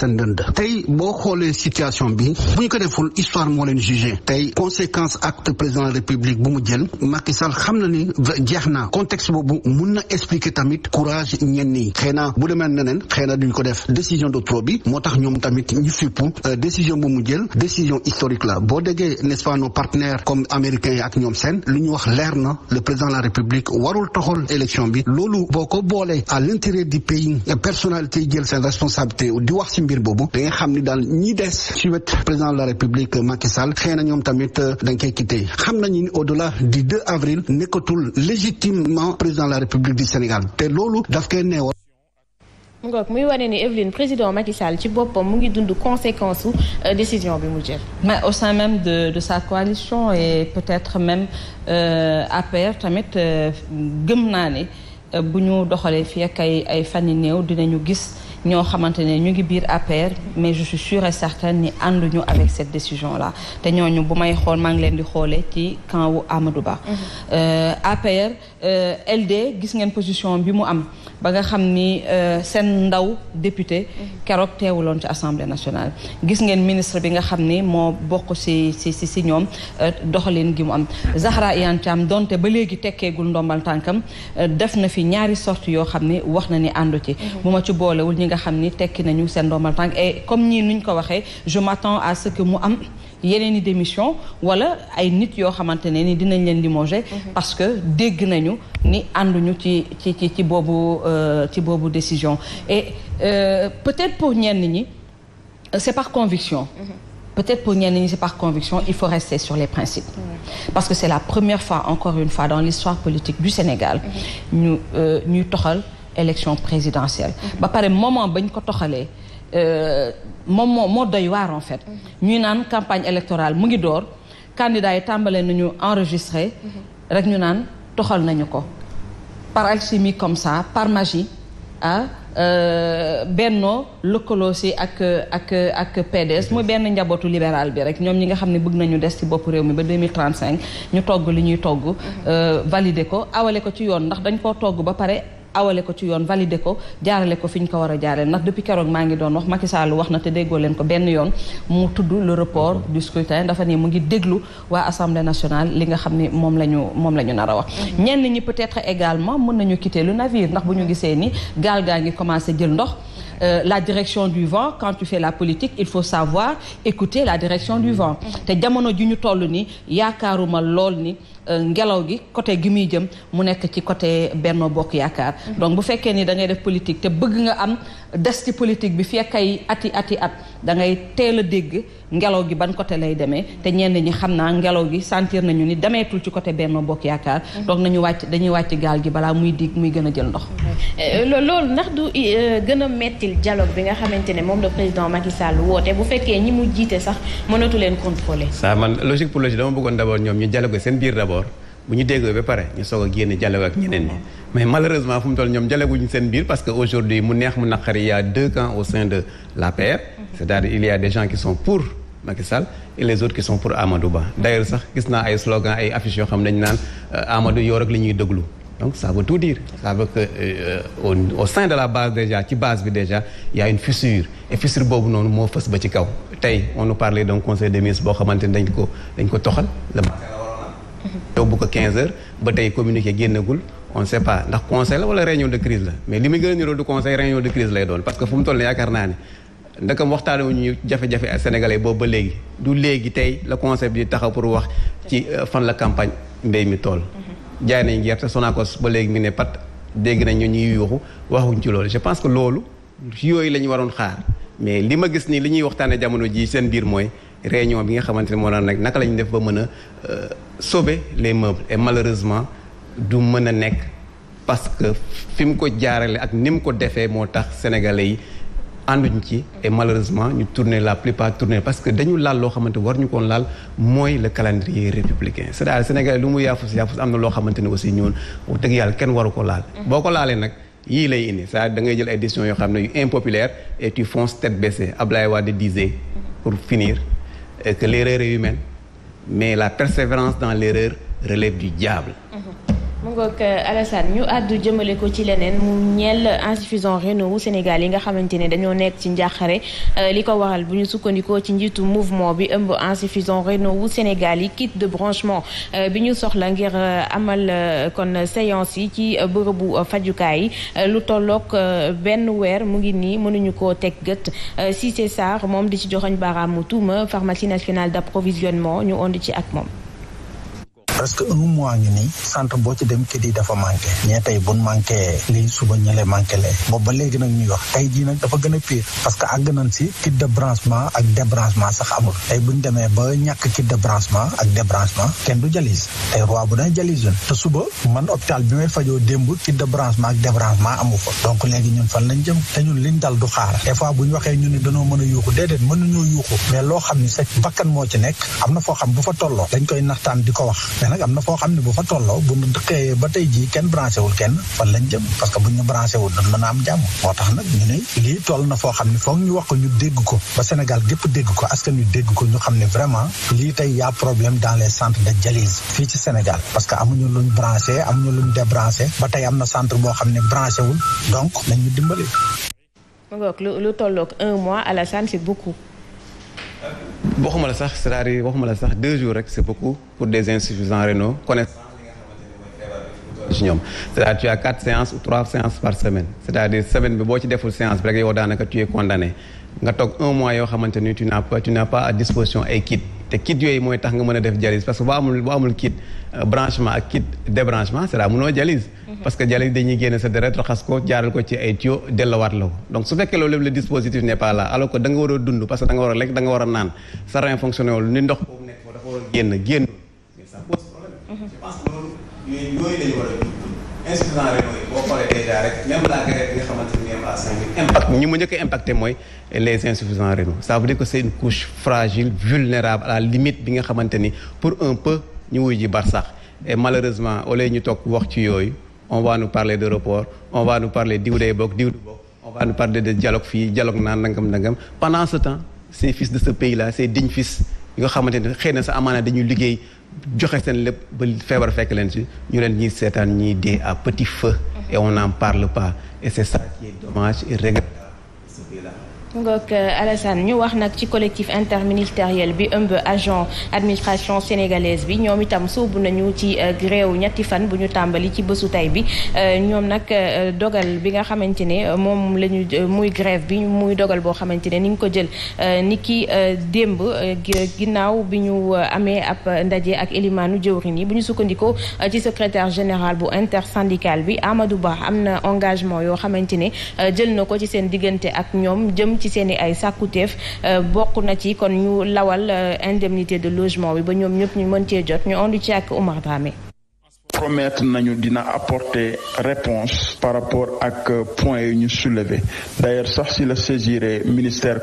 seen dënd tey boo xoolee situation bi bu ñu ko deful histoire moo leen jugé tey conséquence acte président de la république bu mu jël Macky Sall xam na ni jeex na contexte boobu mun na expliquer tamit courage ñenn ñi xëy na bu demee neneen xëy na duñ ko def décision de trop bi moo tax ñoom tamit ñu fippu euh, décision bu mu jël décision historique la boo déggee n'est-ce pas nos partenaires comme américains ak ñoom seen lu ñu wax leer na le président de la république warul toxal élection bi loolu boo ko boolee à mbir boobu da nga xam ni daal ñi des ci wet président de la république Macky Sall ñoom tamit euh, dañ koy xam nañu ni du 2 avril nekkatul légitimement président la république du Sénégal te loolu daf koy neewal. mu ngoog muy wane ni Evelyne président Macky ci boppam mu ngi dund conséquence su euh, décision bi mu jël. mais au sein même de de sa coalition et peut-être même euh, APR tamit gëm naa ne bu ñu doxalee fii ak ay ay fan yu gis. ñoo xamante ne ñu ngi biir APR mais je suis sûre et ni ànduñu avec cette décision la te ñooñu bu may xool maa ngi leen di xoolee ci camp wu Amadou Ba. Mhm. Euh, APR euh, LD gis ngeen position bi mu am ba nga xam ni euh, seen ndaw député mhm. keroog teewuloon ci assemblée nationale gis ngeen ministre bi nga xam ni moo bokk si si si si ñoom doxalin gi mu am Zahra Iyane Thiam donte ba léegi tekkeegul ndombal tànkam def na fi ñaari sorte yoo xam ni wax na ni àndu ci mhm. bu nga xam ni tekki nañu seen ndombal tànk et comme ñii nuñ ko waxee je m'attends à ce que mu am yeneen i démission wala ay nit yoo xamante ne ni dinañ leen limoger mhm. parce que dégg nañu ni ànduñu ci ci ci ci boobu euh, ci boobu décision et euh, peut-être pour ñenn ñi c'est par conviction mhm. peut-être pour ñenn ñi c'est par conviction il faut rester sur les principes parce que c'est la première fois encore une fois dans l'histoire politique du Sénégal mhm. ñu euh, ñuy élection présidentielle ba pare moment bañ ko toxalee euh, moom moo moo doy waar en fait ñuy naan campagne électorale mu ngi door candidat yi tàmbalee nañu enregistré rek ñu naan toxal nañu ko par alchimie comme ça par magie ah euh, Benno lëkkaloo si ak ak ak PDS muy benn njabootu libéral bi rek ñoom ñi nga xam ne bëgg nañu des ci bopp réew mi ba 2035 ñu togg li ñuy togg euh, valider ko awale ko ci yoon ndax dañ koo togg ba pare awale ko ci yoon validé ko jaarale ko fi ñu ko war a jaarale ndax depuis keroog maa ngi doon wax Macky Sall wax na te déggoo leen ko benn yoon mu tudd le report du scrutin dafa ni mu ngi déglu waa assemblée nationale li nga xam ne moom la ñu moom la ñu nar a wax. Mhm. ñenn ñi peut-être également mën nañu quitter le navire ndax bu ñu gisee ni gaal gaa ngi commencé jël ndox. euh, la direction du vent quand tu fais la politique il faut savoir écouter la direction du vent te jamono ji ñu toll ni yaakaaruma lool ni euh, ngelaw gi côté gi muy jëm mu nekk ci côté Benno Bokk Yaakaar donc bu fekkee ni da ngay def politique bëgg nga am des ci politique bi fekk ay ati ati at da ngay teel a dégg ngelaw gi ban côté lay demee te ñenn ñi xam naa ngelaw gi sentir nañu ni demeetul ci côté Benno Bokk Yaakaar donc nañu wàcc dañuy wàcc gaal gi balaa muy digg muy gën a jël ndox euh, loolu ndax du euh, gën metti utile dialogue bi nga xamante ne moom la président Macky Sall woote bu fekkee ñi mu jiite sax mënatu leen contrôler. ça man logique pour logique dama bëggoon d' abord ñoom ñu dialogue seen biir d' abord bu ñu déggoo ba pare ñu soog a génn dialogue ak ñeneen ñi mais malheureusement fu mu toll ñoom dialogue wuñu seen biir parce que aujourd'hui mu neex mu naqari il a deux camps au sein de l'APR. cest à il y a des gens qui sont pour. Macky Sall les autres qui sont pour Ba d'ailleurs sax gis naa ay slogan ay affiches yoo xam ne dañu naan euh, Amadou yow rek li ñuy déglu donc ça veut tout dire ça veut que euh, euh, au, sein de la base déjà ci base bi déjà y a une fissure et fissure boobu noonu moo fës ba ci kaw tey on nous donc d'un conseil des ministres boo xamante ni dañ ko dañ ko toxal le matin la waroon am yóbbu ko 15 ba tey communiqué génnagul on ne sait pas ndax conseil la wala réunion de crise la mais li muy gën a niroo du conseil réunion de crise lay doon parce que fu mu toll ne yaakaar naa ne ndakam waxtaane wu ñu jafe-jafe ak sénégalais boobu ba léegi du léegi tey la conseil bi taxaw pour wax ci euh, fan la campagne mbéy mi tool jaay nañ gerte Sonacos ba léegi mi ne pat dégg nañ ñu ñuy yuuxu waxuñ ci loolu je pense que loolu yooyu la ñu waroon xaar mais li ma gis nii li ñuy waxtaanee jamono jii seen biir mooy réunion bi nga xamante ne moo daan nag naka lañu def ba mën a euh, sauver les meubles et malheureusement du mën a nekk parce que fi mu ko jaarale ak ni mu ko defee moo tax sénégalais yi ànduñ ci et malheureusement ñu tourner la plupart tourner parce que dañu laal loo xamante war ñu koon laal mooy le calendrier républicain c'est-à-dire Sénégal lu mu yaafus yaafus am na loo xamante ne aussi ñoon wax dëgg yàlla kenn waru ko laal boo ko laalee nag yii lay indi cest à jël ay décisions yoo xam ne yu impopulaire et tu fonces tête baissée Ablaye Wade disait pour finir que l'erreur est humaine mais la persévérance dans l'erreur relève du diable mu ngoog euh, Alassane ñu àddu jëmale ko ci leneen mu ñeel insuffisant wu Sénégal yi nga xamante ne dañoo nekk ci njàqare euh, li ko waral bu ñu sukkandikoo ci njiitu mouvement bi ëmb insuffisant wu Sénégal yi kit de branchement euh, bi ñu soxla ngir amal kon séance yi ci bërëbu fajukaay yi lu tolloog benn weer mu ngi nii mënuñu koo teg gët Cissé Sarr moom di ci joxoñ baaraamu tuuma pharmacie nationale d'approvisionnement ñu ond ci ak moom presque un mois ngi nii centre boo ci dem kit yi dafa manqué ñee tey buñ manqué lii suba ñële manqué lee boobu léegi nag ñuy wax tey jii dafa gën a pire parce que àgg nañ si kit de branchement ak débranchement sax amul tey buñ demee ba ñàkk kit de branchement ak débranchement kenn du jalis tey roi bu ne jalis yoon te suba man hôpital bi may fajoo démb kit de branchement ak débranchement amu fa donc léegi ñun fan lañ jëm te ñun liñ a na foo xam bu fa tolloo dañ koy naxtaan di ko wax nag am na foo xam ne bu fa tolloo bu ñu xëyee ba tey jii kenn branché kenn fan lañ jëm parce que bu ñu branché wul mën a am jàmm moo tax nag ñu ne lii toll na foo xam ne foog ñu wax ñu dégg ko ba Sénégal gépp dégg ko askan ñu dégg ko ñu xam ne vraiment lii tey y a problème dans les centres de dialyse fii ci Sénégal parce que amuñu luñ branché amuñu luñ débranché ba tey am na centre boo xam ne branché wul donc nañ ñu dimbali. lu tolloog un mois à la waxuma la sax c'est-à-dire waxuma la sax deux jours rek c'est beaucoup pour des insuffisants rénaux connaissant li nga xamante ne ci ñoom cest à quatre séances ou trois séances par semaine c'est-à-dire semaine bi boo ci deful séance bi rek yow daanaka tu es condamné nga toog un mois yoo xamante ni tu na pas a n'as pas à disposition ay te kit yooyu mooy tax nga mën a def dialyse parce que boo amul boo amul kit euh, branchement ak kit débranchement c'est-à-dire munoo dialyse mm-hmm. parce que dialyse dañuy génne sa deret raxas ko jaaral ko ci ay tuyau dellowaat la ko donc su fekkee loolu lépp le dispositif n'est pas là alors que da nga war a dund parce que da nga war a lekk da nga war a naan sa rein fonctionné wul ni ndox a génn génn mais mm-hmm. a insuffisance rek à 5000 impact ñi mu njëkk a mooy les insuffisants rénaux ça veut dire que c' est fragile vulnérable à limite bi nga xamante ni pour un peu ñu wuy ji barsax malheureusement au ñu toog wax ci yooyu on va parler de report on va nous parler diw day bokk diw du bokk on va nous parler de dialogue fii dialogue naan nangam nangam pendant ce temps ces fils de ce pays là ces dignes fils yi nga xamante ni xëy na sa amaana dañuy liggéey joxe seen lépp ba feebar fekk leen si ñu leen ñuy seetaan ñii dee à petit feu et on n'en parle pas et c'est ça qui est dommage et regrettable Ngok euh, Alassane ñu wax nag ci collectif interministériel bi ëmb agent administration sénégalaise bi ñoom itam sóobu nañu ci gréew euh, ñetti fan bu ñu tàmbali ci bësu tey bi euh, ñoom nag dogal bi nga xamante ne moom la ñu muy grève bi muy dogal boo xamante ne ni ñu ko jël ni ki démb ginnaaw bi ñu amee ab ndaje ak élimaanu jëwrin yi bu ñu sukkandikoo ci secrétaire général bu intersyndical bi Amadou Ba am na engagement yoo xamante ne jël na ko ci seen diggante ak ñoom ci seen i ay sàkkuteef euh, bokk na ci kon ñu lawal euh, indemnité de logement bi ba ñoom ñëpp ñu mën cee jot ñu endu ci ak Oumar Dramé promettre nañu dina apporter réponse par rapport ak euh, point yu ñu soulever d'ailleurs sax si la saisir ministère